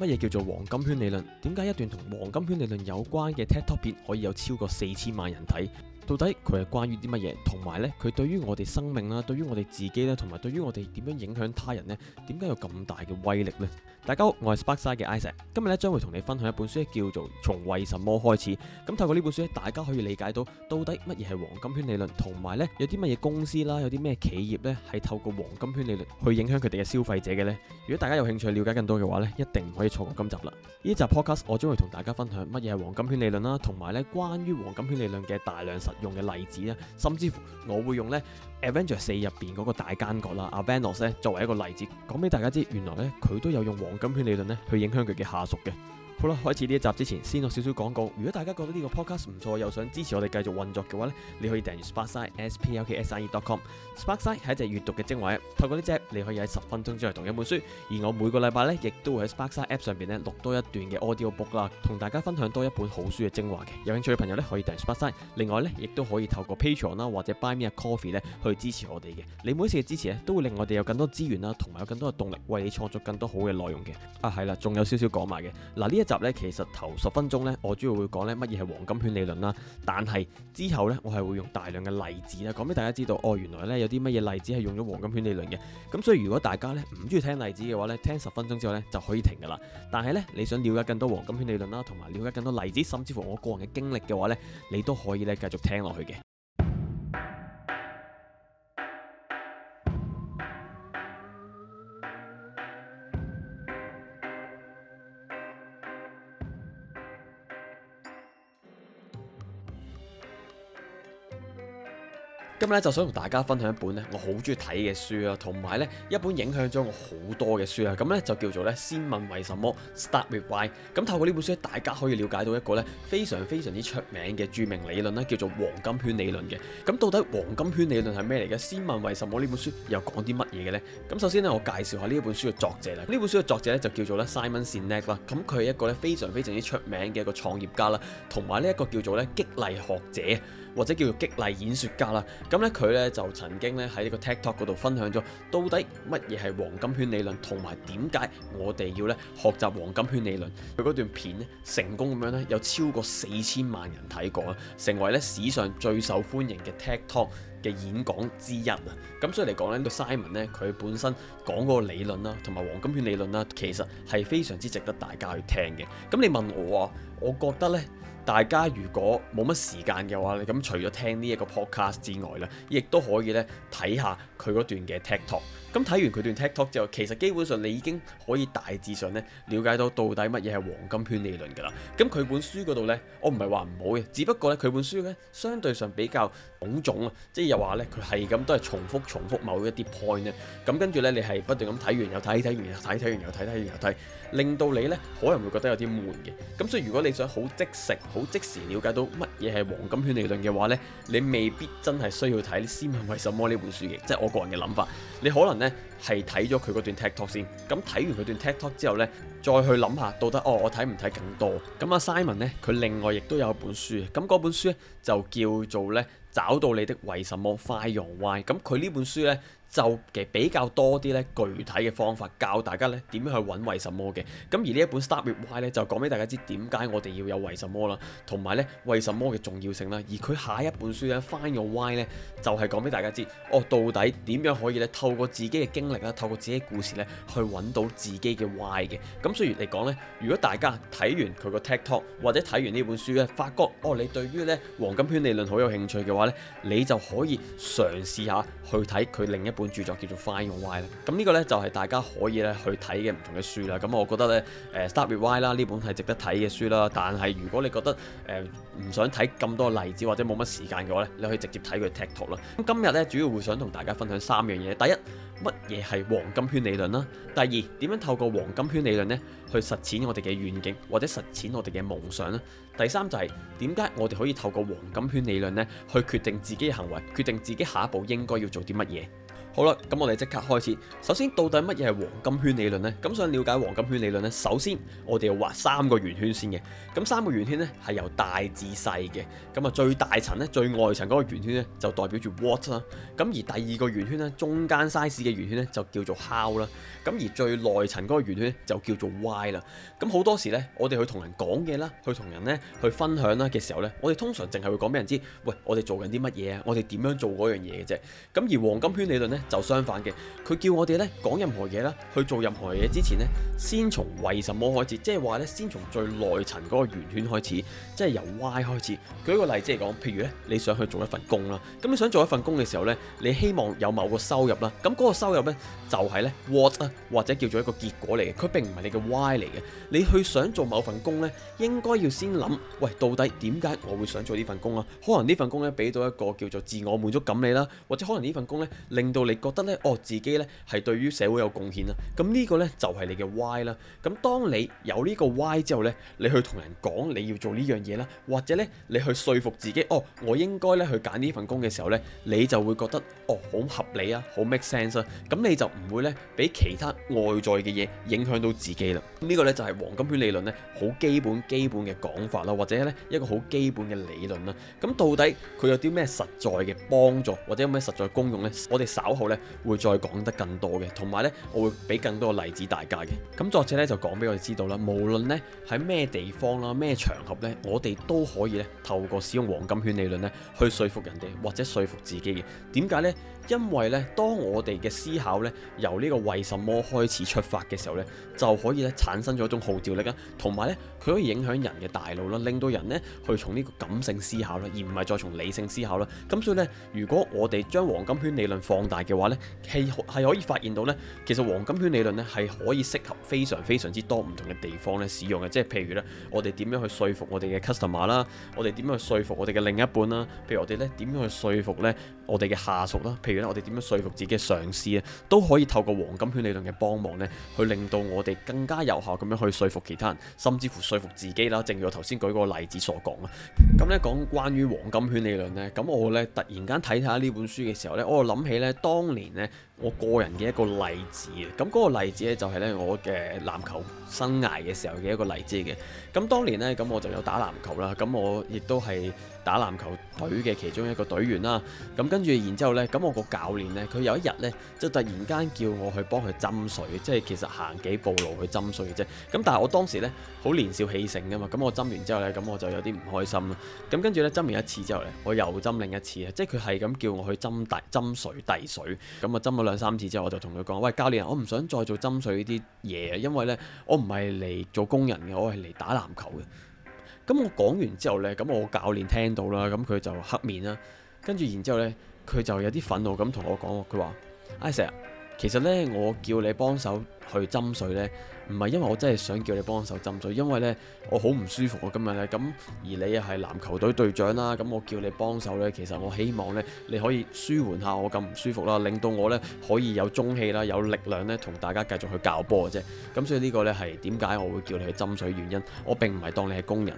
乜嘢叫做黃金圈理論？點解一段同黃金圈理論有關嘅 TED Talk 可以有超過四千萬人睇？到底佢係關於啲乜嘢？同埋呢，佢對於我哋生命啦，對於我哋自己咧，同埋對於我哋點樣影響他人呢？點解有咁大嘅威力呢？大家好，我係 Sparksine 嘅 Isaac，今日咧，將會同你分享一本書，叫做《從為什麼開始》。咁、嗯、透過呢本書咧，大家可以理解到到底乜嘢係黃金圈理論，同埋咧有啲乜嘢公司啦，有啲咩企業咧係透過黃金圈理論去影響佢哋嘅消費者嘅咧。如果大家有興趣了解更多嘅話咧，一定唔可以錯過今集啦。呢集 podcast 我將會同大家分享乜嘢係黃金圈理論啦，同埋咧關於黃金圈理論嘅大量實用嘅例子啦，甚至乎我會用咧 Avengers 四入邊嗰個大奸角啦，阿、啊、Thanos 咧作為一個例子，講俾大家知，原來咧佢都有用黃。金圈理論咧，去影響佢嘅下屬嘅。好啦，開始呢一集之前，先有少少廣告。如果大家覺得呢個 podcast 唔錯，又想支持我哋繼續運作嘅話咧，你可以訂閱 Sparksine s p a r k s i n e dot com。Sparksine 係一隻閱讀嘅精華，透過呢隻你可以喺十分鐘之內讀一本書。而我每個禮拜呢，亦都會喺 Sparksine app 上邊呢錄多一段嘅 audio book 啦，同大家分享多一本好書嘅精華嘅。有興趣嘅朋友呢，可以訂閱 Sparksine。另外呢，亦都可以透過 patreon 啦，或者 Buy Me a Coffee 呢去支持我哋嘅。你每一次嘅支持呢，都會令我哋有更多資源啦，同埋有更多嘅動力，為你創作更多好嘅內容嘅。啊，係啦，仲有少少講埋嘅。嗱，呢一集。其實頭十分鐘呢，我主要會講咧乜嘢係黃金圈理論啦。但係之後呢，我係會用大量嘅例子啦，講俾大家知道哦。原來呢有啲乜嘢例子係用咗黃金圈理論嘅。咁所以如果大家呢唔中意聽例子嘅話咧，聽十分鐘之後呢就可以停㗎喇。但係呢，你想了解更多黃金圈理論啦，同埋了解更多例子，甚至乎我個人嘅經歷嘅話呢，你都可以咧繼續聽落去嘅。今日咧就想同大家分享一本咧我好中意睇嘅書啊，同埋咧一本影響咗我好多嘅書啊，咁咧就叫做咧先問為什麼 （Start with Why）。咁透過呢本書大家可以了解到一個咧非常非常之出名嘅著名理論啦，叫做黃金圈理論嘅。咁到底黃金圈理論係咩嚟嘅？先問為什麼呢本書又講啲乜嘢嘅呢？咁首先咧，我介紹下呢一本書嘅作者啦。呢本書嘅作者咧就叫做咧 Simon Sinek 啦。咁佢係一個咧非常非常之出名嘅一個創業家啦，同埋呢一個叫做咧激勵學者。或者叫做激勵演說家啦，咁咧佢咧就曾經咧喺呢個 TikTok 嗰度分享咗到底乜嘢係黃金圈理論同埋點解我哋要咧學習黃金圈理論。佢嗰段片咧成功咁樣咧有超過四千萬人睇過啊，成為咧史上最受歡迎嘅 TikTok 嘅演講之一啊。咁所以嚟講咧，這個、呢個 Simon 咧佢本身講嗰個理論啦，同埋黃金圈理論啦，其實係非常之值得大家去聽嘅。咁你問我啊，我覺得咧。大家如果冇乜時間嘅話咧，咁除咗聽呢一個 podcast 之外呢，亦都可以咧睇下佢嗰段嘅 TED talk。咁睇完佢段 TED Talk 之後，其實基本上你已經可以大致上咧了解到到底乜嘢係黃金圈理論㗎啦。咁佢本書嗰度呢，我唔係話唔好嘅，只不過咧佢本書呢，相對上比較臃腫啊，即係又話呢，佢係咁都係重複重複某一啲 point 呢。咁跟住呢，你係不斷咁睇完又睇睇完又睇睇完又睇睇完又睇，令到你呢可能會覺得有啲悶嘅。咁所以如果你想好即食、好即時了解到乜嘢係黃金圈理論嘅話呢，你未必真係需要睇《你先問為什麼》呢本書嘅，即係我個人嘅諗法。你可能係睇咗佢嗰段 TikTok 先，咁睇完佢段 TikTok 之後呢，再去諗下到底哦，我睇唔睇更多？咁、嗯、阿 Simon 呢，佢另外亦都有一本書，咁、嗯、嗰本書呢就叫做呢《找到你的為什麼快用 Y》嗯。咁佢呢本書呢。就嘅比較多啲咧，具體嘅方法教大家咧點樣去揾為什麼嘅。咁而呢一本《Start With Why》咧，就講俾大家知點解我哋要有為什麼啦，同埋咧為什麼嘅重要性啦。而佢下一本書咧《Find Your Why》咧，就係講俾大家知哦，到底點樣可以咧透過自己嘅經歷啊透過自己嘅故事咧，去揾到自己嘅 Why 嘅。咁所以嚟講咧，如果大家睇完佢個 TED Talk 或者睇完呢本書咧，發覺哦，你對於咧黃金圈理論好有興趣嘅話咧，你就可以嘗試下去睇佢另一本。著作叫做《Find Your Why》咧，咁、這、呢個呢，就係大家可以咧去睇嘅唔同嘅書啦。咁我覺得呢，誒《Start with Why》啦呢本係值得睇嘅書啦。但係如果你覺得誒唔、呃、想睇咁多例子或者冇乜時間嘅話咧，你可以直接睇佢、ok《TED Talk》啦。咁今日呢，主要會想同大家分享三樣嘢：第一，乜嘢係黃金圈理論啦；第二，點樣透過黃金圈理論咧去實踐我哋嘅願景或者實踐我哋嘅夢想啦；第三就係點解我哋可以透過黃金圈理論咧去決定自己嘅行為，決定自己下一步應該要做啲乜嘢。好啦，咁我哋即刻開始。首先，到底乜嘢係黃金圈理論呢？咁想了解黃金圈理論呢，首先我哋要畫三個圓圈先嘅。咁三個圓圈呢係由大至細嘅。咁啊，最大層咧最外層嗰個圓圈呢就代表住 What 啦。咁而第二個圓圈呢，中間 size 嘅圓圈呢就叫做 How 啦。咁而最內層嗰個圓圈呢就叫做 Why 啦。咁好多時呢，我哋去同人講嘢啦，去同人呢去分享啦嘅時候呢，我哋通常淨係會講俾人知，喂，我哋做緊啲乜嘢啊？我哋點樣做嗰樣嘢嘅啫？咁而黃金圈理論呢，就相反嘅，佢叫我哋咧講任何嘢啦，去做任何嘢之前咧，先從為什麼開始，即係話咧，先從最內層嗰個圓圈開始，即係由 Y 開始。舉個例子嚟講，譬如咧，你想去做一份工啦，咁你想做一份工嘅時候咧，你希望有某個收入啦，咁嗰個收入咧就係咧 what 啊，或者叫做一個結果嚟嘅，佢並唔係你嘅 Y 嚟嘅。你去想做某份工咧，應該要先諗，喂，到底點解我會想做呢份工啊？可能呢份工咧俾到一個叫做自我滿足感你啦，或者可能呢份工咧令到你。覺得呢，哦，自己呢係對於社會有貢獻啦，咁呢個呢就係你嘅 Why 啦。咁當你有呢個 Why 之後呢，你去同人講你要做呢樣嘢啦，或者呢你去說服自己，哦，我應該呢去揀呢份工嘅時候呢，你就會覺得，哦，好合理啊，好 make sense 啊。咁你就唔會呢俾其他外在嘅嘢影響到自己啦。呢個呢就係黃金圈理論呢，好基本基本嘅講法啦，或者呢一個好基本嘅理論啦。咁到底佢有啲咩實在嘅幫助，或者有咩實在功用呢？我哋稍後。咧會再講得更多嘅，同埋呢，我會俾更多嘅例子大家嘅。咁作者呢就講俾我哋知道啦，無論呢喺咩地方啦、咩場合呢，我哋都可以呢透過使用黃金圈理論呢去說服人哋或者說服自己嘅。點解呢？因為咧，當我哋嘅思考咧由呢個為什麼開始出發嘅時候咧，就可以咧產生咗一種號召力啊，同埋咧佢可以影響人嘅大腦啦、啊，令到人咧去從呢個感性思考啦、啊，而唔係再從理性思考啦、啊。咁所以咧，如果我哋將黃金圈理論放大嘅話咧，係係可以發現到咧，其實黃金圈理論咧係可以適合非常非常之多唔同嘅地方咧使用嘅，即係譬如咧，我哋點樣去説服我哋嘅 customer 啦，我哋點樣去説服我哋嘅另一半啦，譬如我哋咧點樣去説服咧我哋嘅下屬啦，譬如。我哋點樣說服自己嘅上司啊，都可以透過黃金圈理論嘅幫忙咧，去令到我哋更加有效咁樣去說服其他人，甚至乎說服自己啦。正如我頭先舉嗰個例子所講啦。咁呢講關於黃金圈理論呢，咁我呢突然間睇睇下呢本書嘅時候呢，我就諗起呢當年呢，我個人嘅一個例子嘅。咁嗰個例子呢，就係呢我嘅籃球生涯嘅時候嘅一個例子嘅。咁當年呢，咁我就有打籃球啦。咁我亦都係。打籃球隊嘅其中一個隊員啦，咁跟住，然之後呢，咁我個教練呢，佢有一日呢，就突然間叫我去幫佢斟水，即係其實行幾步路去斟水嘅啫。咁但係我當時呢，好年少氣盛噶嘛，咁我斟完之後呢，咁我就有啲唔開心啦。咁跟住呢，斟完一次之後呢，我又斟另一次啊，即係佢係咁叫我去斟大、斟水遞水。咁啊斟咗兩三次之後，我就同佢講：喂，教練，我唔想再做斟水呢啲嘢，因為呢，我唔係嚟做工人嘅，我係嚟打籃球嘅。咁我講完之後呢，咁我教練聽到啦，咁佢就黑面啦。跟住然之後呢，佢就有啲憤怒咁同我講，佢話阿 Sir，其實呢，我叫你幫手去斟水呢，唔係因為我真係想叫你幫手斟水，因為呢，我好唔舒服啊今日呢，咁而你又係籃球隊隊長啦、啊，咁我叫你幫手呢，其實我希望呢，你可以舒緩下我咁唔舒服啦，令到我呢可以有中氣啦，有力量呢同大家繼續去教波嘅啫。咁所以呢個呢係點解我會叫你去斟水原因，我並唔係當你係工人。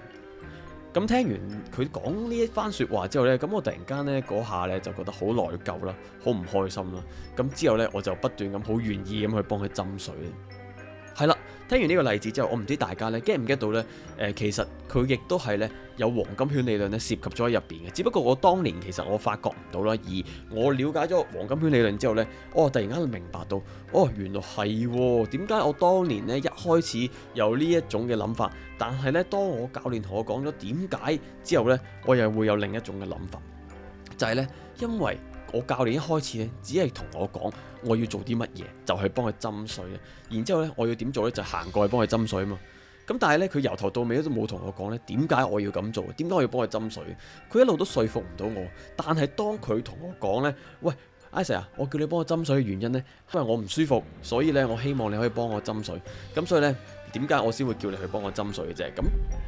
咁聽完佢講呢番説話之後呢，咁我突然間咧嗰下咧就覺得好內疚啦，好唔開心啦。咁之後呢，我就不斷咁好願意咁去幫佢斟水。聽完呢個例子之後，我唔知大家咧驚唔驚到呢？誒、呃，其實佢亦都係呢，有黃金圈理論呢涉及咗喺入邊嘅。只不過我當年其實我發覺唔到啦，而我了解咗黃金圈理論之後呢，我突然間明白到，哦，原來係點解我當年呢一開始有呢一種嘅諗法，但係呢，當我教練同我講咗點解之後呢，我又會有另一種嘅諗法，就係呢，因為。我教練一開始咧，只係同我講我要做啲乜嘢，就係幫佢斟水啦。然之後呢，我要點做呢？就行過去幫佢斟水嘛。咁但係呢，佢由頭到尾都冇同我講呢點解我要咁做？點解我要幫佢斟水？佢一路都説服唔到我。但係當佢同我講呢：喂，Isaac 啊，我叫你幫我斟水嘅原因咧，因為我唔舒服，所以呢，我希望你可以幫我斟水。咁所以呢。點解我先會叫你去幫我斟水嘅啫？咁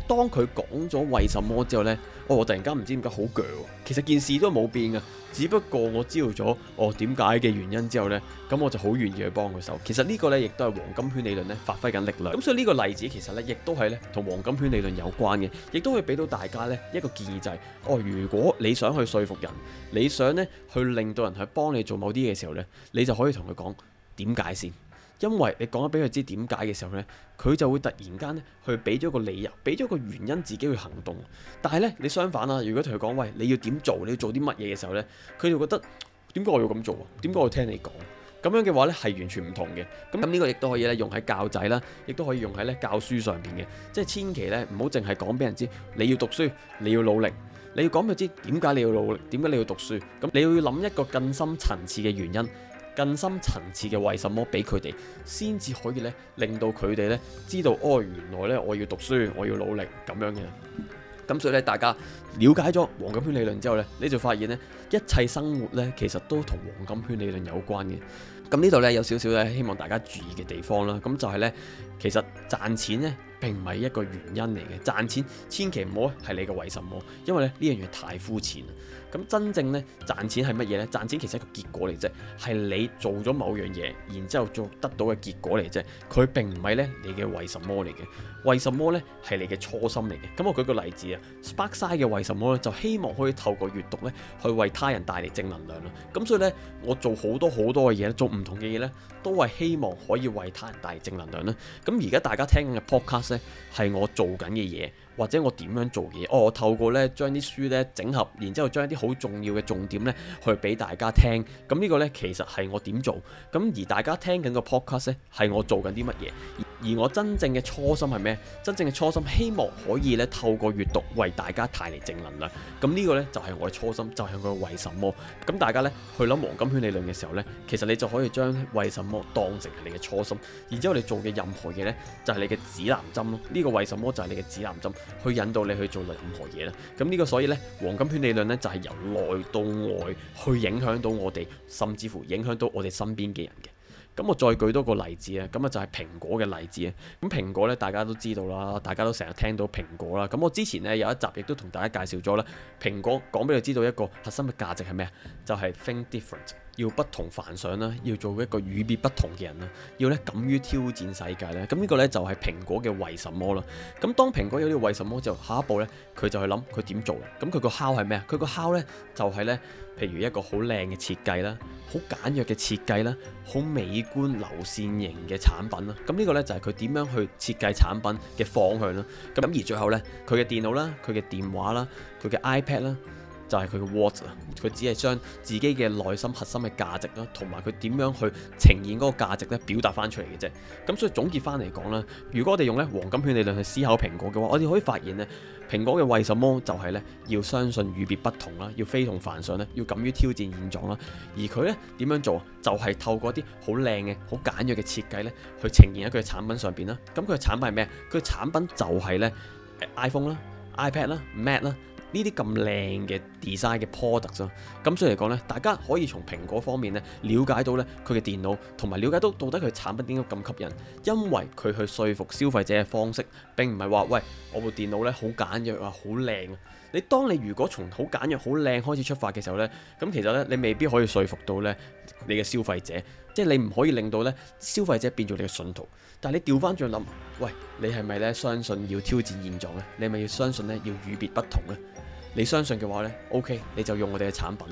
當佢講咗為什麼之後咧、哦，我突然間唔知點解好攰。其實件事都冇變啊，只不過我知道咗哦點解嘅原因之後呢，咁我就好願意去幫佢手。其實呢個呢，亦都係黃金圈理論咧發揮緊力量。咁所以呢個例子其實呢，亦都係呢同黃金圈理論有關嘅，亦都會俾到大家呢一個建議，就係哦，如果你想去說服人，你想呢去令到人去幫你做某啲嘅時候呢，你就可以同佢講點解先。因為你講咗俾佢知點解嘅時候呢，佢就會突然間咧去俾咗個理由，俾咗個原因自己去行動。但係呢，你相反啦，如果同佢講喂，你要點做？你要做啲乜嘢嘅時候呢，佢就覺得點解我要咁做啊？點解我要聽你講？咁樣嘅話呢，係完全唔同嘅。咁咁呢個亦都可以咧用喺教仔啦，亦都可以用喺咧教、教書上邊嘅。即係千祈呢，唔好淨係講俾人知你要讀書，你要努力，你要講俾佢知點解你要努力，點解你要讀書。咁你要諗一個更深層次嘅原因。更深層次嘅為什麼俾佢哋，先至可以咧令到佢哋咧知道，哦，原來咧我要讀書，我要努力咁樣嘅。咁所以咧，大家。了解咗黃金圈理論之後咧，你就發現咧，一切生活咧其實都同黃金圈理論有關嘅。咁呢度咧有少少咧希望大家注意嘅地方啦。咁就係咧，其實賺錢咧並唔係一個原因嚟嘅。賺錢千祈唔好係你嘅為什麼，因為咧呢樣嘢太膚淺啦。咁真正咧賺錢係乜嘢咧？賺錢其實係一個結果嚟啫，係你做咗某樣嘢，然之後做得到嘅結果嚟啫。佢並唔係咧你嘅為什麼嚟嘅，為什麼咧係你嘅初心嚟嘅。咁我舉個例子啊，Sparksine 嘅為為什麼咧？就希望可以透過閱讀咧，去為他人帶嚟正能量啦。咁所以咧，我做好多好多嘅嘢，做唔同嘅嘢咧，都係希望可以為他人帶嚟正能量啦。咁而家大家聽緊嘅 podcast 咧，係我做緊嘅嘢。或者我點樣做嘢？哦，我透過呢將啲書呢整合，然之後將一啲好重要嘅重點呢，去俾大家聽。咁呢個呢，其實係我點做？咁而大家聽緊個 podcast 呢，係我做緊啲乜嘢？而我真正嘅初心係咩？真正嘅初心希望可以呢透過閱讀為大家帶嚟正能量。咁呢個呢，就係我嘅初心，就係我嘅「為什麼」。咁大家呢，去諗黃金圈理論嘅時候呢，其實你就可以將為什麼當成係你嘅初心，然之後你做嘅任何嘢呢，就係你嘅指南針咯。呢個為什麼就係你嘅指南針。去引導你去做任何嘢啦，咁呢個所以咧，黃金圈理論咧就係由內到外去影響到我哋，甚至乎影響到我哋身邊嘅人嘅。咁我再舉多個例子啊，咁啊就係蘋果嘅例子啊。咁蘋果咧，大家都知道啦，大家都成日聽到蘋果啦。咁我之前咧有一集亦都同大家介紹咗啦，蘋果講俾你知道一個核心嘅價值係咩，就係 Think Different。要不同凡想啦，要做一個與別不同嘅人啦，要咧敢於挑戰世界啦。咁呢個咧就係蘋果嘅為什麼啦。咁當蘋果有呢個為什麼之後，下一步咧佢就去諗佢點做。咁佢個敲係咩啊？佢個敲咧就係、是、咧，譬如一個好靚嘅設計啦，好簡約嘅設計啦，好美觀流線型嘅產品啦。咁呢個咧就係佢點樣去設計產品嘅方向啦。咁而最後咧，佢嘅電腦啦，佢嘅電話啦，佢嘅 iPad 啦。就係佢嘅 what 啊，佢只係將自己嘅內心核心嘅價值啦，同埋佢點樣去呈現嗰個價值咧，表達翻出嚟嘅啫。咁所以總結翻嚟講啦，如果我哋用咧黃金圈理論去思考蘋果嘅話，我哋可以發現咧，蘋果嘅為什麼就係咧要相信與別不同啦，要非同凡想咧，要敢於挑戰現狀啦。而佢咧點樣做，就係、是、透過啲好靚嘅、好簡約嘅設計咧，去呈現喺佢嘅產品上邊啦。咁佢嘅產品係咩？佢嘅產品就係咧 iPhone 啦、iPad 啦、Mac 啦。呢啲咁靚嘅 design 嘅 product 啫，咁所以嚟講呢，大家可以從蘋果方面呢了解到呢，佢嘅電腦，同埋了解到到底佢產品點解咁吸引，因為佢去說服消費者嘅方式並唔係話喂我部電腦呢好簡約啊，好靚啊。你當你如果從好簡約、好靚開始出發嘅時候呢，咁其實呢，你未必可以說服到呢你嘅消費者，即係你唔可以令到呢消費者變做你嘅信徒。但係你調翻轉諗，喂，你係咪呢相信要挑戰現狀呢？你係咪要相信呢要與別不同呢？你相信嘅話呢，OK，你就用我哋嘅產品。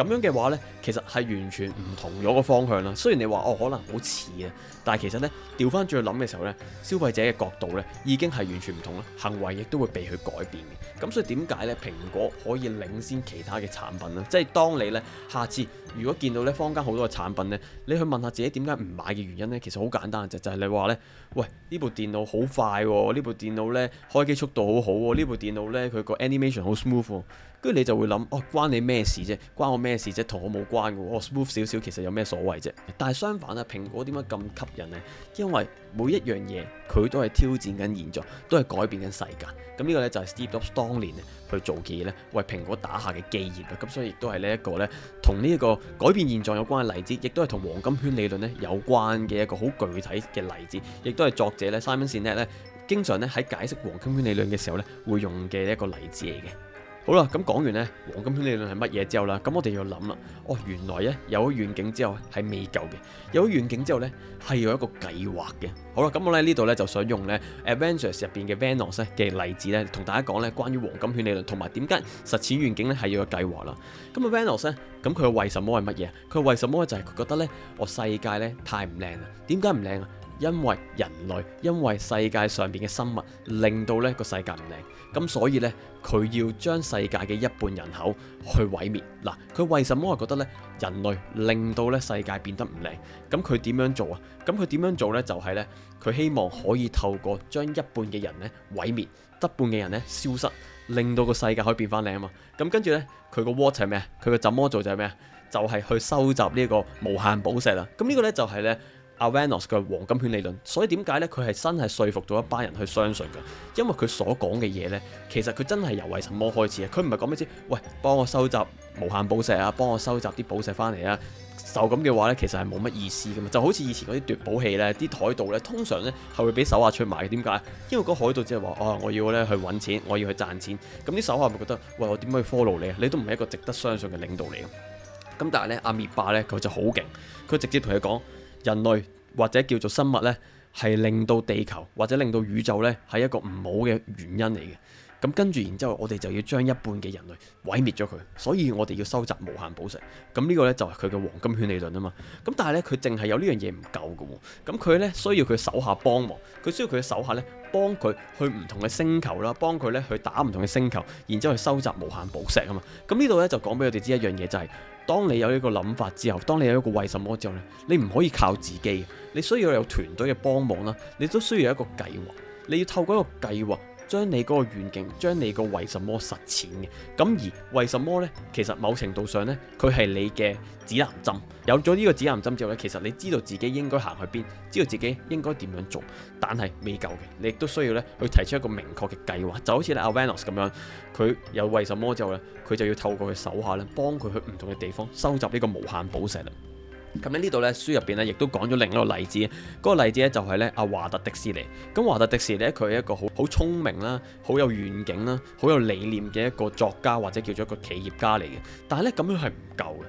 咁樣嘅話咧，其實係完全唔同咗個方向啦。雖然你話哦，可能好似啊，但係其實咧，調翻轉去諗嘅時候咧，消費者嘅角度咧已經係完全唔同啦，行為亦都會被佢改變嘅。咁所以點解咧，蘋果可以領先其他嘅產品咧？即係當你咧下次如果見到咧坊間好多嘅產品咧，你去問下自己點解唔買嘅原因咧，其實好簡單嘅啫，就就係你話咧，喂，呢部電腦好快喎，呢部電腦咧開機速度好好喎，呢部電腦咧佢個 animation 好 smooth，跟住你就會諗哦，關你咩事啫？關我咩？咩事啫？同我冇關噶我 smooth 少少，其實有咩所謂啫？但係相反啊，蘋果點解咁吸引呢？因為每一樣嘢佢都係挑戰緊現狀，都係改變緊世界。咁呢個呢，就係 Steve Jobs 當年去做嘅嘢呢，為蘋果打下嘅基業啦。咁所以亦都係呢一個呢，同呢一個改變現狀有關嘅例子，亦都係同黃金圈理論咧有關嘅一個好具體嘅例子，亦都係作者呢 Simon Sinek 咧經常呢喺解釋黃金圈理論嘅時候呢，會用嘅一個例子嚟嘅。好啦，咁講完咧，黃金圈理論係乜嘢之後啦，咁我哋要諗啦，哦，原來咧有咗願景之後係未夠嘅，有咗願景之後呢，係有一個計劃嘅。好啦，咁我喺呢度呢，就想用呢 Avengers 入邊嘅 Vanos 嘅例子呢，同大家講呢關於黃金圈理論同埋點解實踐願景呢係要有計劃啦。咁啊 Vanos 呢，咁佢為什麼係乜嘢？佢為什麼就係佢覺得呢，我世界呢太唔靚啦，點解唔靚啊？因為人類，因為世界上面嘅生物令到呢個世界唔靚，咁所以呢，佢要將世界嘅一半人口去毀滅。嗱，佢為什麼係覺得呢？人類令到呢世界變得唔靚？咁佢點樣做啊？咁佢點樣做呢？就係、是、呢，佢希望可以透過將一半嘅人呢毀滅，得半嘅人呢消失，令到個世界可以變翻靚啊嘛。咁跟住呢，佢個 what 係咩？佢個怎麼做就係咩？就係去收集呢個無限寶石啊。咁呢個呢，就係、是、呢。阿 Venos 嘅係黃金圈理論，所以點解呢？佢係真係說服咗一班人去相信嘅，因為佢所講嘅嘢呢，其實佢真係由為什麼開始啊。佢唔係講咩先？喂，幫我收集無限寶石啊！幫我收集啲寶石翻嚟啊！就咁嘅話呢，其實係冇乜意思嘅嘛，就好似以前嗰啲奪寶器呢，啲海盜呢，通常呢係會俾手下出賣嘅。點解？因為嗰海盜只係話：哦、啊，我要咧去揾錢，我要去賺錢。咁啲手下咪覺得：喂，我點樣去 follow 你啊？你都唔係一個值得相信嘅領導嚟嘅。咁但係呢，阿滅霸呢，佢就好勁，佢直接同佢講。人類或者叫做生物呢，係令到地球或者令到宇宙呢，係一個唔好嘅原因嚟嘅。咁跟住，然之後我哋就要將一半嘅人類毀滅咗佢，所以我哋要收集無限寶石。咁、這、呢個呢，就係佢嘅黃金圈理論啊嘛。咁但係呢，佢淨係有呢樣嘢唔夠㗎喎。咁佢呢，需要佢手下幫忙，佢需要佢嘅手下呢，幫佢去唔同嘅星球啦，幫佢呢去打唔同嘅星球，然之後去收集無限寶石啊嘛。咁呢度呢，就講俾我哋知一樣嘢就係。當你有一個諗法之後，當你有一個為什麼之後咧，你唔可以靠自己，你需要有團隊嘅幫忙啦，你都需要有一個計劃，你要透過一個計劃。將你嗰個願景，將你個為什麼實踐嘅，咁而為什麼呢？其實某程度上呢，佢係你嘅指南針。有咗呢個指南針之後呢，其實你知道自己應該行去邊，知道自己應該點樣做，但係未夠嘅，你亦都需要呢去提出一個明確嘅計劃。就好似阿、啊、Venus 咁樣，佢有為什麼之後呢，佢就要透過佢手下呢，幫佢去唔同嘅地方收集呢個無限寶石啦。咁喺呢度咧，書入邊咧亦都講咗另一個例子，嗰、嗰個例子咧就係咧阿華特迪士尼。咁華特迪士尼咧，佢係一個好好聰明啦，好有遠景啦，好有理念嘅一個作家或者叫做一個企業家嚟嘅。但係咧咁樣係唔夠嘅。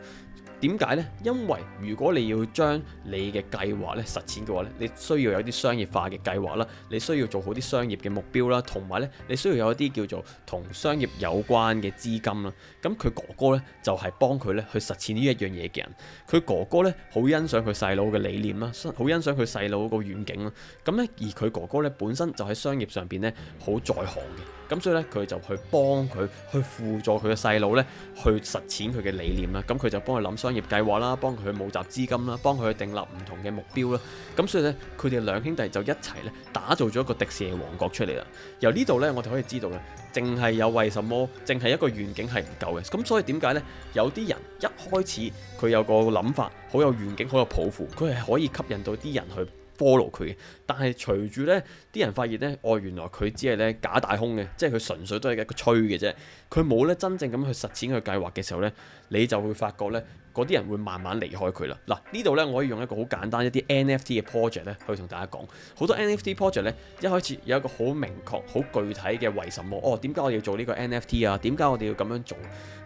點解呢？因為如果你要將你嘅計劃咧實踐嘅話咧，你需要有啲商業化嘅計劃啦，你需要做好啲商業嘅目標啦，同埋咧你需要有一啲叫做同商業有關嘅資金啦。咁佢哥哥咧就係、是、幫佢咧去實踐呢一樣嘢嘅人。佢哥哥咧好欣賞佢細佬嘅理念啦，好欣賞佢細佬個遠景啦。咁咧而佢哥哥咧本身就喺商業上邊咧好在行嘅。咁所以咧，佢就去幫佢去輔助佢嘅細佬咧，去實踐佢嘅理念啦。咁佢就幫佢諗商業計劃啦，幫佢去募集資金啦，幫佢去訂立唔同嘅目標啦。咁所以咧，佢哋兩兄弟就一齊咧，打造咗一個迪士尼王國出嚟啦。由呢度咧，我哋可以知道嘅，淨係有為什麼，淨係一個願景係唔夠嘅。咁所以點解呢？有啲人一開始佢有個諗法，好有願景，好有抱負，佢係可以吸引到啲人去。follow 佢，但係隨住呢啲人發現呢，哦，原來佢只係呢假大空嘅，即係佢純粹都係一個吹嘅啫，佢冇呢真正咁去實踐佢計劃嘅時候呢，你就會發覺呢嗰啲人會慢慢離開佢啦。嗱，呢度呢，我可以用一個好簡單一啲 NFT 嘅 project 呢去同大家講，好多 NFT project 呢，一開始有一個好明確、好具體嘅為，哦，為什麼，哦，點解我要做呢個 NFT 啊？點解我哋要咁樣做？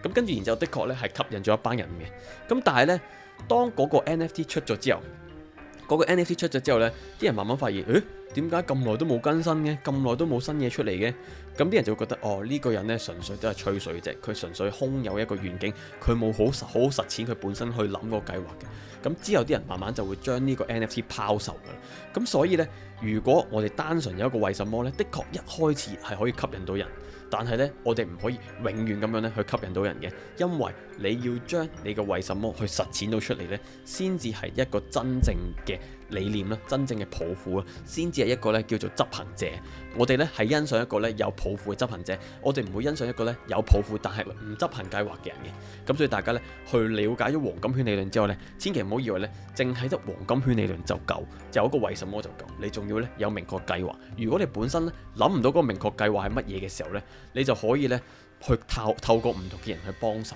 咁跟住然之後，的確呢，係吸引咗一班人嘅。咁但係呢，當嗰個 NFT 出咗之後，嗰個 NFT 出咗之後呢，啲人慢慢發現，誒，點解咁耐都冇更新嘅，咁耐都冇新嘢出嚟嘅，咁啲人就會覺得，哦，呢個人呢，純粹都係吹水啫，佢純粹空有一個願景，佢冇好實好實踐佢本身去諗個計劃嘅，咁之後啲人慢慢就會將呢個 NFT 拋售嘅，咁所以呢，如果我哋單純有一個為什麼呢，的確一開始係可以吸引到人。但係呢，我哋唔可以永遠咁樣去吸引到人嘅，因為你要將你嘅為什麼去實踐到出嚟，呢先至係一個真正嘅理念啦，真正嘅抱負啊，先至係一個咧叫做執行者。我哋咧係欣賞一個咧有抱負嘅執行者，我哋唔會欣賞一個咧有抱負但係唔執行計劃嘅人嘅。咁所以大家咧去了解咗黃金圈理論之後咧，千祈唔好以為咧，淨係得黃金圈理論就夠，就有一個為什麼就夠。你仲要咧有明確計劃。如果你本身咧諗唔到個明確計劃係乜嘢嘅時候咧，你就可以咧去透透過唔同嘅人去幫手。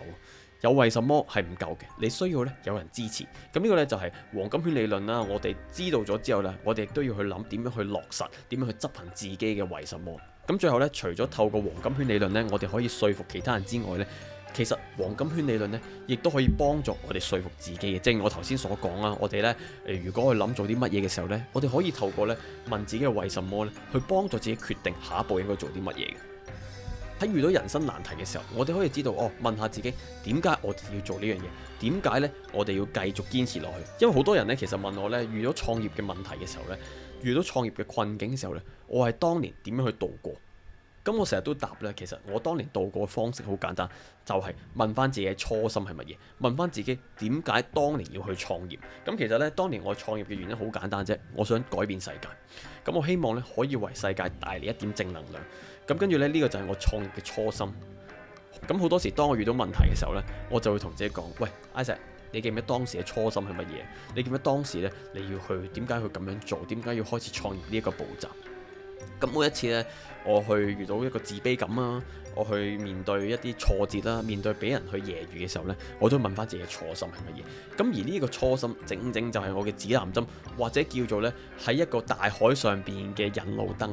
有為什麼係唔夠嘅。你需要咧有人支持。咁呢個呢，就係黃金圈理論啦。我哋知道咗之後呢，我哋都要去諗點樣去落實，點樣去執行自己嘅為什麼。咁最後呢，除咗透過黃金圈理論呢，我哋可以說服其他人之外呢，其實黃金圈理論呢，亦都可以幫助我哋說服自己嘅。即係我頭先所講啦，我哋呢，如果去諗做啲乜嘢嘅時候呢，我哋可以透過呢，問自己為什麼呢，去幫助自己決定下一步應該做啲乜嘢嘅。喺遇到人生難題嘅時候，我哋可以知道哦，問下自己點解我哋要做呢樣嘢？點解呢？我哋要繼續堅持落去？因為好多人呢，其實問我呢，遇到創業嘅問題嘅時候呢，遇到創業嘅困境嘅時候呢，我係當年點樣去度過？咁我成日都答咧，其實我當年度過嘅方式好簡單，就係問翻自己初心係乜嘢？問翻自己點解當年要去創業。咁其實咧，當年我創業嘅原因好簡單啫，我想改變世界。咁我希望咧，可以為世界帶嚟一點正能量。咁跟住咧，呢個就係我創業嘅初心。咁好多時當我遇到問題嘅時候咧，我就會同自己講，喂，Isaac，你記唔記得當時嘅初心係乜嘢？你記唔記得當時咧，你要去點解去咁樣做？點解要開始創業呢一個步驟？咁每一次咧，我去遇到一個自卑感啊，我去面對一啲挫折啦，面對俾人去揶揄嘅時候呢，我都問翻自己嘅初心係乜嘢。咁而呢個初心，整整就係我嘅指南針，或者叫做呢，喺一個大海上邊嘅引路燈。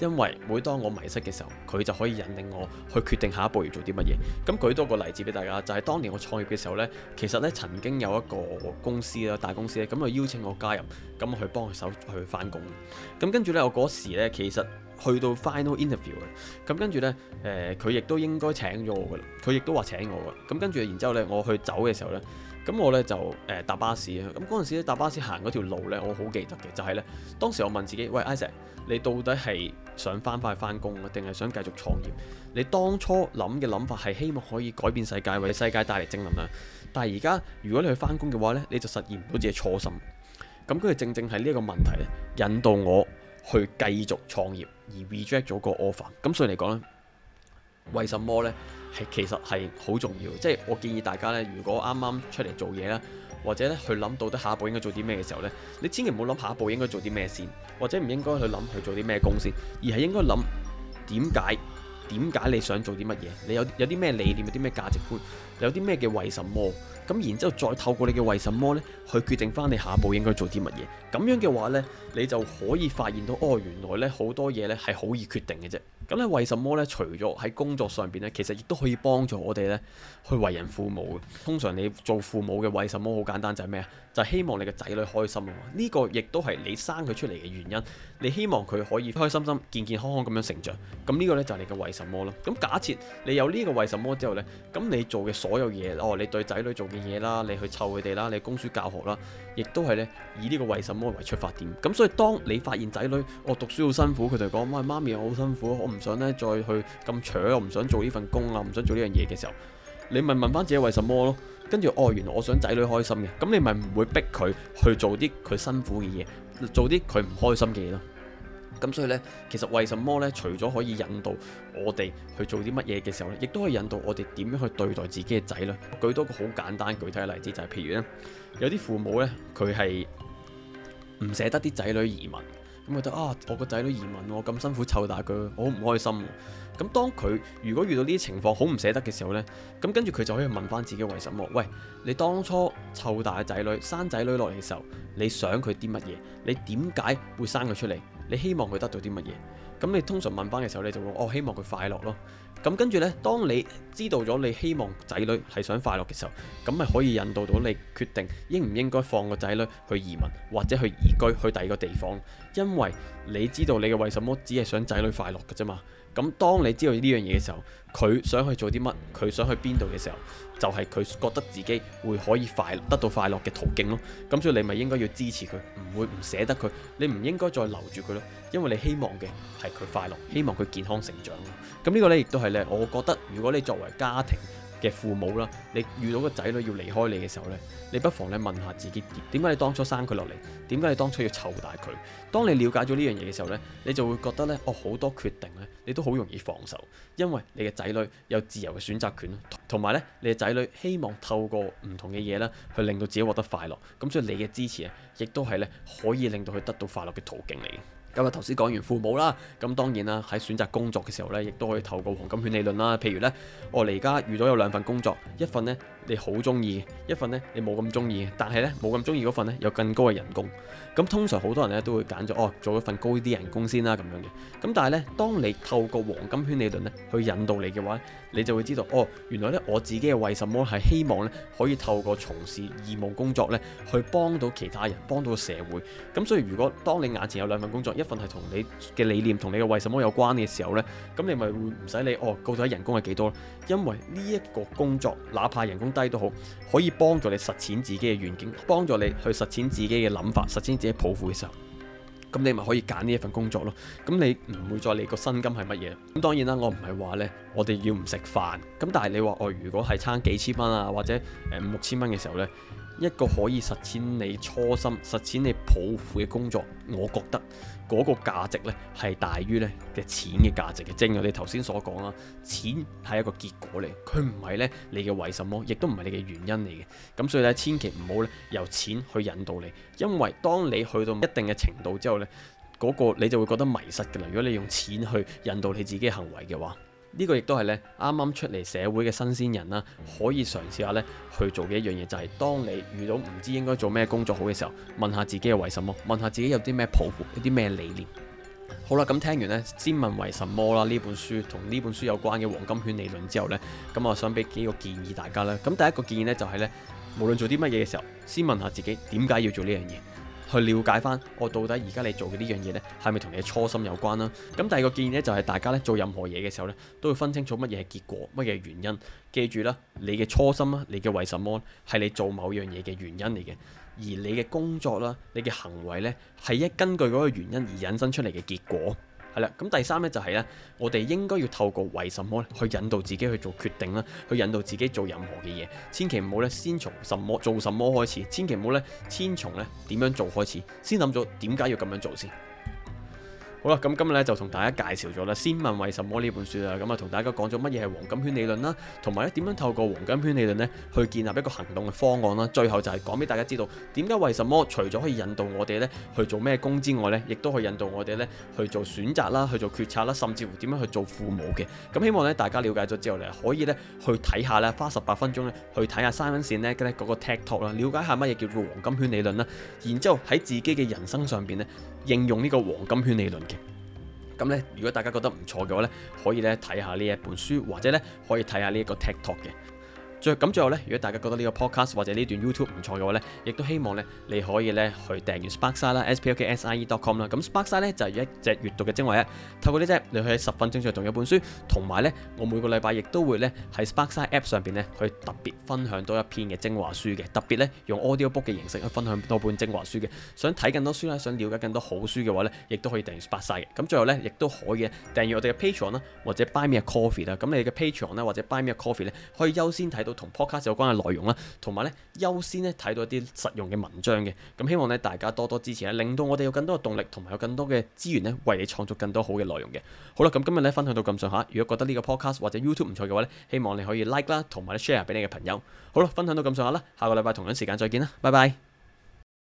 因為每當我迷失嘅時候，佢就可以引領我去決定下一步要做啲乜嘢。咁舉多個例子俾大家，就係當年我創業嘅時候呢，其實咧曾經有一個公司啦，大公司咧，咁就邀請我加入，咁去幫佢手去返工。咁跟住呢，我嗰時咧，其實去到 final interview 嘅，咁跟住呢，誒佢亦都應該請咗我噶啦，佢亦都話請我噶。咁跟住，然之後呢，我去走嘅時候呢。咁我咧就誒、呃、搭巴士啊！咁嗰陣時咧，搭巴士行嗰條路咧，我好記得嘅就係、是、咧，當時我問自己：喂，Isaac，你到底係想翻返去翻工啊，定係想繼續創業？你當初諗嘅諗法係希望可以改變世界，為世界帶嚟正能量。但係而家如果你去翻工嘅話咧，你就實現唔到自己初心。咁跟住正正係呢一個問題咧，引導我去繼續創業而 reject 咗個 offer。咁所以嚟講咧，為什麼咧？係其實係好重要，即係我建議大家咧，如果啱啱出嚟做嘢啦，或者咧去諗到底下一步應該做啲咩嘅時候呢，你千祈唔好諗下一步應該做啲咩先，或者唔應該去諗去做啲咩工先，而係應該諗點解，點解你想做啲乜嘢，你有有啲咩理念，有啲咩價值觀。有啲咩嘅為什麼？咁然之後再透過你嘅為什麼呢，去決定返你下一步應該做啲乜嘢。咁樣嘅話呢，你就可以發現到，哦，原來呢好多嘢呢係好易決定嘅啫。咁咧，為什麼呢？除咗喺工作上邊呢，其實亦都可以幫助我哋呢去為人父母。通常你做父母嘅為什麼好簡單就，就係咩啊？就希望你個仔女開心咯，呢個亦都係你生佢出嚟嘅原因。你希望佢可以開開心心、健健康康咁樣成長，咁呢個呢，就係你嘅為什麼咯。咁假設你有呢個為什麼之後呢，咁你做嘅所有嘢，哦，你對仔女做嘅嘢啦，你去湊佢哋啦，你供書教學啦，亦都係呢以呢個為什麼為出發點。咁所以當你發現仔女，我讀書好辛苦，佢哋講，喂媽咪我好辛苦，我唔想呢再去咁扯，我唔想做呢份工啊，唔想做呢樣嘢嘅時候，你咪問翻自己為什麼咯。跟住哦，原來我想仔女開心嘅，咁你咪唔會逼佢去做啲佢辛苦嘅嘢，做啲佢唔開心嘅嘢咯。咁所以呢，其實為什麼呢，除咗可以引導我哋去做啲乜嘢嘅時候呢，亦都可以引導我哋點樣去對待自己嘅仔呢。舉多個好簡單具體嘅例子就係譬如呢，有啲父母呢，佢係唔捨得啲仔女移民。咁覺得啊，我個仔女移民我咁辛苦湊大佢，我好唔開心。咁當佢如果遇到呢啲情況，好唔捨得嘅時候呢，咁跟住佢就可以問翻自己為什麼？喂，你當初湊大仔女、生仔女落嚟嘅時候，你想佢啲乜嘢？你點解會生佢出嚟？你希望佢得到啲乜嘢？咁你通常問翻嘅時候，你就會，我、哦、希望佢快樂咯。咁跟住呢，當你知道咗你希望仔女係想快樂嘅時候，咁咪可以引導到你決定應唔應該放個仔女去移民或者去移居去第二個地方，因為你知道你嘅為什麼只係想仔女快樂嘅啫嘛。咁當你知道呢樣嘢嘅時候，佢想去做啲乜，佢想去邊度嘅時候，就係佢覺得自己會可以快得到快樂嘅途徑咯。咁所以你咪應該要支持佢，唔會唔捨得佢，你唔應該再留住佢咯。因為你希望嘅係佢快樂，希望佢健康成長。咁呢個呢，亦都係咧，我覺得如果你作為家庭嘅父母啦，你遇到個仔女要離開你嘅時候呢，你不妨咧問下自己點解你當初生佢落嚟，點解你當初要湊大佢。當你了解咗呢樣嘢嘅時候呢，你就會覺得呢，我好多決定咧。你都好容易放手，因為你嘅仔女有自由嘅選擇權，同埋咧你嘅仔女希望透過唔同嘅嘢咧去令到自己獲得快樂，咁所以你嘅支持啊，亦都係咧可以令到佢得到快樂嘅途徑嚟。咁我頭先講完父母啦，咁當然啦喺選擇工作嘅時候咧，亦都可以透過黃金圈理論啦。譬如咧，我哋而家遇到有兩份工作，一份呢。你好中意一份呢你冇咁中意，但係呢冇咁中意嗰份呢有更高嘅人工。咁通常好多人呢都會揀咗哦，做一份高啲人工先啦、啊、咁樣嘅。咁但係呢，當你透過黃金圈理論呢去引導你嘅話，你就會知道哦，原來呢我自己嘅為什麼係希望呢可以透過從事義務工作呢去幫到其他人，幫到社會。咁所以如果當你眼前有兩份工作，一份係同你嘅理念同你嘅為什麼有關嘅時候呢，咁你咪會唔使理哦，到底人工係幾多，因為呢一個工作哪怕人工低都好，可以幫助你實踐自己嘅願景，幫助你去實踐自己嘅諗法，實踐自己抱負嘅時候，咁你咪可以揀呢一份工作咯。咁你唔會再理個薪金係乜嘢。咁當然啦，我唔係話呢，我哋要唔食飯。咁但係你話我如果係差幾千蚊啊，或者誒五六千蚊嘅時候呢，一個可以實踐你初心、實踐你抱負嘅工作，我覺得。嗰個價值咧係大於咧嘅錢嘅價值嘅，正如你頭先所講啦，錢係一個結果嚟，佢唔係咧你嘅為什麼，亦都唔係你嘅原因嚟嘅。咁所以咧，千祈唔好咧由錢去引導你，因為當你去到一定嘅程度之後咧，嗰個你就會覺得迷失㗎啦。如果你用錢去引導你自己嘅行為嘅話。呢個亦都係呢啱啱出嚟社會嘅新鮮人啦，可以嘗試下呢去做嘅一樣嘢，就係、是、當你遇到唔知應該做咩工作好嘅時候，問下自己係為什麼，問下自己有啲咩抱負，有啲咩理念。好啦，咁聽完呢，先問為什麼啦，呢本書同呢本書有關嘅黃金圈理論之後呢，咁我想俾幾個建議大家啦。咁第一個建議呢，就係、是、呢，無論做啲乜嘢嘅時候，先問下自己點解要做呢樣嘢。去了解翻我到底而家你做嘅呢樣嘢呢係咪同你嘅初心有關啦啊？咁第二個建議呢，就係大家呢做任何嘢嘅時候呢，都要分清楚乜嘢係結果，乜嘢原因。記住啦，你嘅初心啦，你嘅為什麼呢，係你做某樣嘢嘅原因嚟嘅，而你嘅工作啦，你嘅行為呢，係一根據嗰個原因而引申出嚟嘅結果。係啦，咁、嗯、第三咧就係、是、咧，我哋應該要透過為什麼咧去引導自己去做決定啦，去引導自己做任何嘅嘢，千祈唔好咧先從什麼做什麼開始，千祈唔好咧先從咧點樣做開始，先諗咗點解要咁樣做先。好啦，咁今日咧就同大家介紹咗啦。先問為什麼呢本書啊。咁啊，同大家講咗乜嘢係黃金圈理論啦，同埋咧點樣透過黃金圈理論咧去建立一個行動嘅方案啦。最後就係講俾大家知道，點解為什麼除咗可以引導我哋咧去做咩工之外咧，亦都可以引導我哋咧去做選擇啦、去做決策啦，甚至乎點樣去做父母嘅。咁希望咧大家了解咗之後咧，可以咧去睇下咧，花十八分鐘咧去睇下三根線咧嗰個 TikTok 啦，了解下乜嘢叫做黃金圈理論啦。然之後喺自己嘅人生上邊咧。應用呢個黃金圈理論嘅，咁咧如果大家覺得唔錯嘅話咧，可以咧睇下呢一本書，或者咧可以睇下呢一個 TikTok 嘅。最咁最後咧，如果大家覺得呢個 podcast 或者段呢段 YouTube 唔錯嘅話咧，亦都希望咧你可以咧去訂閱 Sparksine 啦，sparksine.com 啦。咁 Sparksine s 就係、是、一隻閱讀嘅精華咧。透過呢隻，你可以十分精準同一本書。同埋咧，我每個禮拜亦都會咧喺 Sparksine App 上邊咧去特別分享多一篇嘅精華書嘅。特別咧用 AudioBook 嘅形式去分享多本精華書嘅。想睇更多書啦，想了解更多好書嘅話咧，亦都可以訂閱 Sparksine 嘅。咁最後咧，亦都可以嘅訂閱我哋嘅 Patreon 啦，或者 Buy Me A Coffee 啦。咁你嘅 Patreon 啦或者 Buy Me A Coffee 咧，可以優先睇。同 podcast 有關嘅內容啦，同埋咧優先咧睇到一啲實用嘅文章嘅，咁希望咧大家多多支持咧，令到我哋有更多嘅動力，同埋有更多嘅資源咧，為你創作更多好嘅內容嘅。好啦，咁今日咧分享到咁上下，如果覺得呢個 podcast 或者 YouTube 唔錯嘅話咧，希望你可以 like 啦，同埋咧 share 俾你嘅朋友。好啦，分享到咁上下啦，下個禮拜同樣時間再見啦，拜拜。